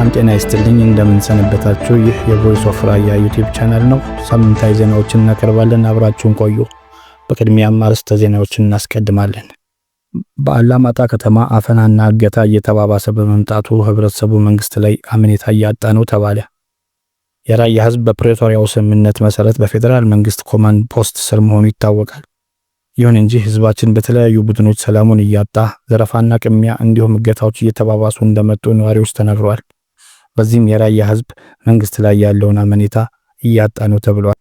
ሰላም ጤና ይስጥልኝ፣ እንደምንሰንበታችሁ። ይህ የቮይስ ኦፍ ራያ ዩቲዩብ ቻናል ነው። ሳምንታዊ ዜናዎችን እናቀርባለን። አብራችሁን ቆዩ። በቅድሚያም አርዕስተ ዜናዎችን እናስቀድማለን። በአላማጣ ከተማ አፈናና እገታ እየተባባሰ በመምጣቱ ህብረተሰቡ መንግስት ላይ አምኔታ እያጣ ነው ተባለ። የራያ ህዝብ በፕሬቶሪያው ስምምነት መሰረት በፌዴራል መንግስት ኮማንድ ፖስት ስር መሆኑ ይታወቃል። ይሁን እንጂ ህዝባችን በተለያዩ ቡድኖች ሰላሙን እያጣ ዘረፋና ቅሚያ እንዲሁም እገታዎች እየተባባሱ እንደመጡ ነዋሪዎች ተናግረዋል። በዚህም የራያ ህዝብ መንግስት ላይ ያለውን አመኔታ እያጣ ነው ተብሏል።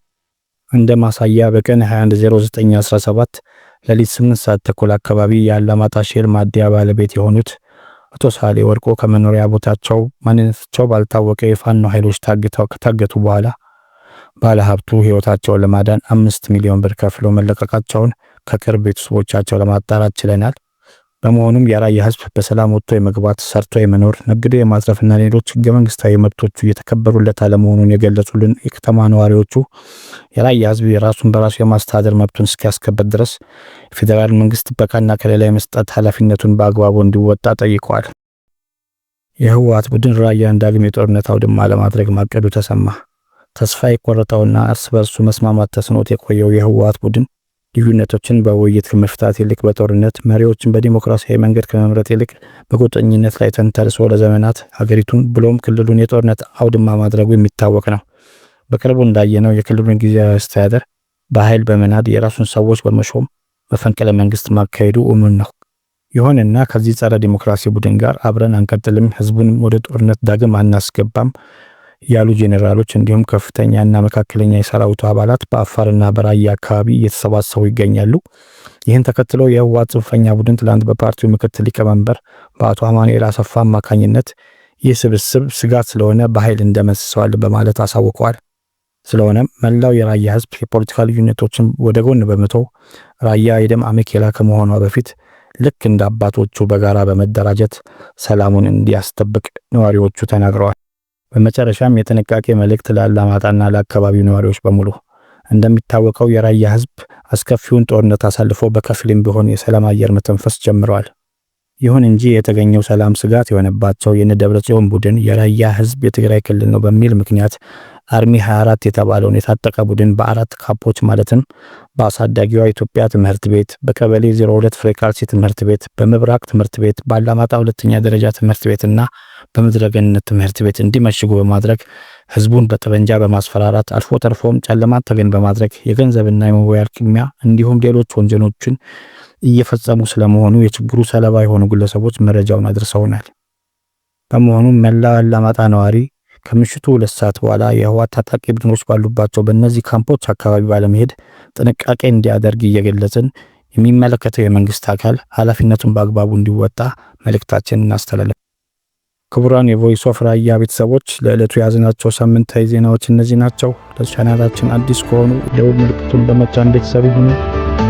እንደ ማሳያ በቀን 210917 ለሊት 8 ሰዓት ተኩል አካባቢ የአላማጣ ሼል ማደያ ባለቤት የሆኑት አቶ ሳሌ ወርቆ ከመኖሪያ ቦታቸው ማንነታቸው ባልታወቀ የፋኖ ኃይሎች ከታገቱ በኋላ ባለ ሀብቱ ህይወታቸውን ለማዳን አምስት ሚሊዮን ብር ከፍሎ መለቀቃቸውን ከቅርብ ቤተሰቦቻቸው ለማጣራት ችለናል። በመሆኑም የራያ ህዝብ በሰላም ወጥቶ የመግባት ሰርቶ የመኖር ነግዶ የማትረፍና ሌሎች ህገ መንግስታዊ መብቶቹ እየተከበሩለት አለመሆኑን የገለጹልን የከተማ ነዋሪዎቹ የራያ ህዝብ የራሱን በራሱ የማስተዳደር መብቱን እስኪያስከበር ድረስ የፌዴራል መንግስት ጥበቃና ከሌላ የመስጠት ኃላፊነቱን በአግባቡ እንዲወጣ ጠይቀዋል። የህወሓት ቡድን ራያን ዳግም የጦርነት አውድማ ለማድረግ ማቀዱ ተሰማ። ተስፋ የቆረጠውና እርስ በርሱ መስማማት ተስኖት የቆየው የህወሓት ቡድን ልዩነቶችን በውይይት ከመፍታት ይልቅ በጦርነት መሪዎችን በዲሞክራሲያዊ መንገድ ከመምረጥ ይልቅ በጎጠኝነት ላይ ተንተርሶ ለዘመናት ሀገሪቱን ብሎም ክልሉን የጦርነት አውድማ ማድረጉ የሚታወቅ ነው። በቅርቡ እንዳየነው የክልሉን ጊዜያዊ አስተዳደር በኃይል በመናድ የራሱን ሰዎች በመሾም መፈንቅለ መንግስት ማካሄዱ እሙን ነው። ይሁንና ከዚህ ጸረ ዲሞክራሲ ቡድን ጋር አብረን አንቀጥልም፣ ህዝቡንም ወደ ጦርነት ዳግም አናስገባም ያሉ ጄኔራሎች እንዲሁም ከፍተኛና መካከለኛ የሰራዊቱ አባላት በአፋርና በራያ አካባቢ እየተሰባሰቡ ይገኛሉ። ይህን ተከትሎ የህወሓት ጽንፈኛ ቡድን ትላንት በፓርቲው ምክትል ሊቀመንበር በአቶ አማኑኤል አሰፋ አማካኝነት ይህ ስብስብ ስጋት ስለሆነ በኃይል እንደመስሰዋል በማለት አሳውቀዋል። ስለሆነም መላው የራያ ህዝብ የፖለቲካ ልዩነቶችን ወደ ጎን በመተው ራያ የደም አሜኬላ ከመሆኗ በፊት ልክ እንደ አባቶቹ በጋራ በመደራጀት ሰላሙን እንዲያስጠብቅ ነዋሪዎቹ ተናግረዋል። በመጨረሻም የጥንቃቄ መልእክት ለአላማጣና ለአካባቢው ነዋሪዎች በሙሉ። እንደሚታወቀው የራያ ህዝብ አስከፊውን ጦርነት አሳልፎ በከፊልም ቢሆን የሰላም አየር መተንፈስ ጀምረዋል። ይሁን እንጂ የተገኘው ሰላም ስጋት የሆነባቸው የደብረ ጽዮን ቡድን የራያ ህዝብ የትግራይ ክልል ነው በሚል ምክንያት አርሚ 24 የተባለውን የታጠቀ ቡድን በአራት ካፖች ማለትም በአሳዳጊዋ ኢትዮጵያ ትምህርት ቤት፣ በቀበሌ 02 ፍሬ ትምህርት ቤት፣ በምብራቅ ትምህርት ቤት፣ በአላማጣ ሁለተኛ ደረጃ ትምህርት ቤትና በምድረቤንነት ትምህርት ቤት እንዲመሽጉ በማድረግ ህዝቡን በጠመንጃ በማስፈራራት አልፎ ተርፎም ጨለማን ተገን በማድረግ የገንዘብና የመወያ ቅሚያ እንዲሁም ሌሎች ወንጀሎችን እየፈጸሙ ስለመሆኑ የችግሩ ሰለባ የሆኑ ግለሰቦች መረጃውን አድርሰውናል። በመሆኑም መላ አላማጣ ነዋሪ ከምሽቱ ሁለት ሰዓት በኋላ የህወሓት ታጣቂ ቡድኖች ባሉባቸው በእነዚህ ካምፖች አካባቢ ባለመሄድ ጥንቃቄ እንዲያደርግ እየገለጽን የሚመለከተው የመንግስት አካል ኃላፊነቱን በአግባቡ እንዲወጣ መልእክታችን እናስተላለፍ። ክቡራን የቮይስ ኦፍ ራያ ቤተሰቦች ለዕለቱ የያዝናቸው ሳምንታዊ ዜናዎች እነዚህ ናቸው። ለቻናላችን አዲስ ከሆኑ የደውል ምልክቱን በመጫን ቤተሰብ ይሁኑ።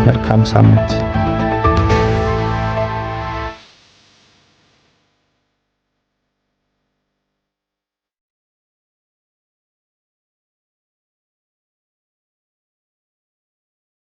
መልካም ሳምንት